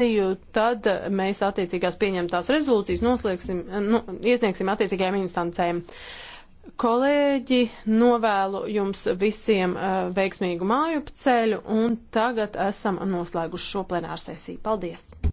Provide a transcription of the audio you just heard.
Krieviju, tad mēs attiecīgās pieņemtās rezolūcijas noslēgsim, nu, iesniegsim attiecīgajām instancēm. Kolēģi, novēlu jums visiem uh, veiksmīgu māju ceļu un tagad esam noslēguši šo plenārsesiju. Paldies!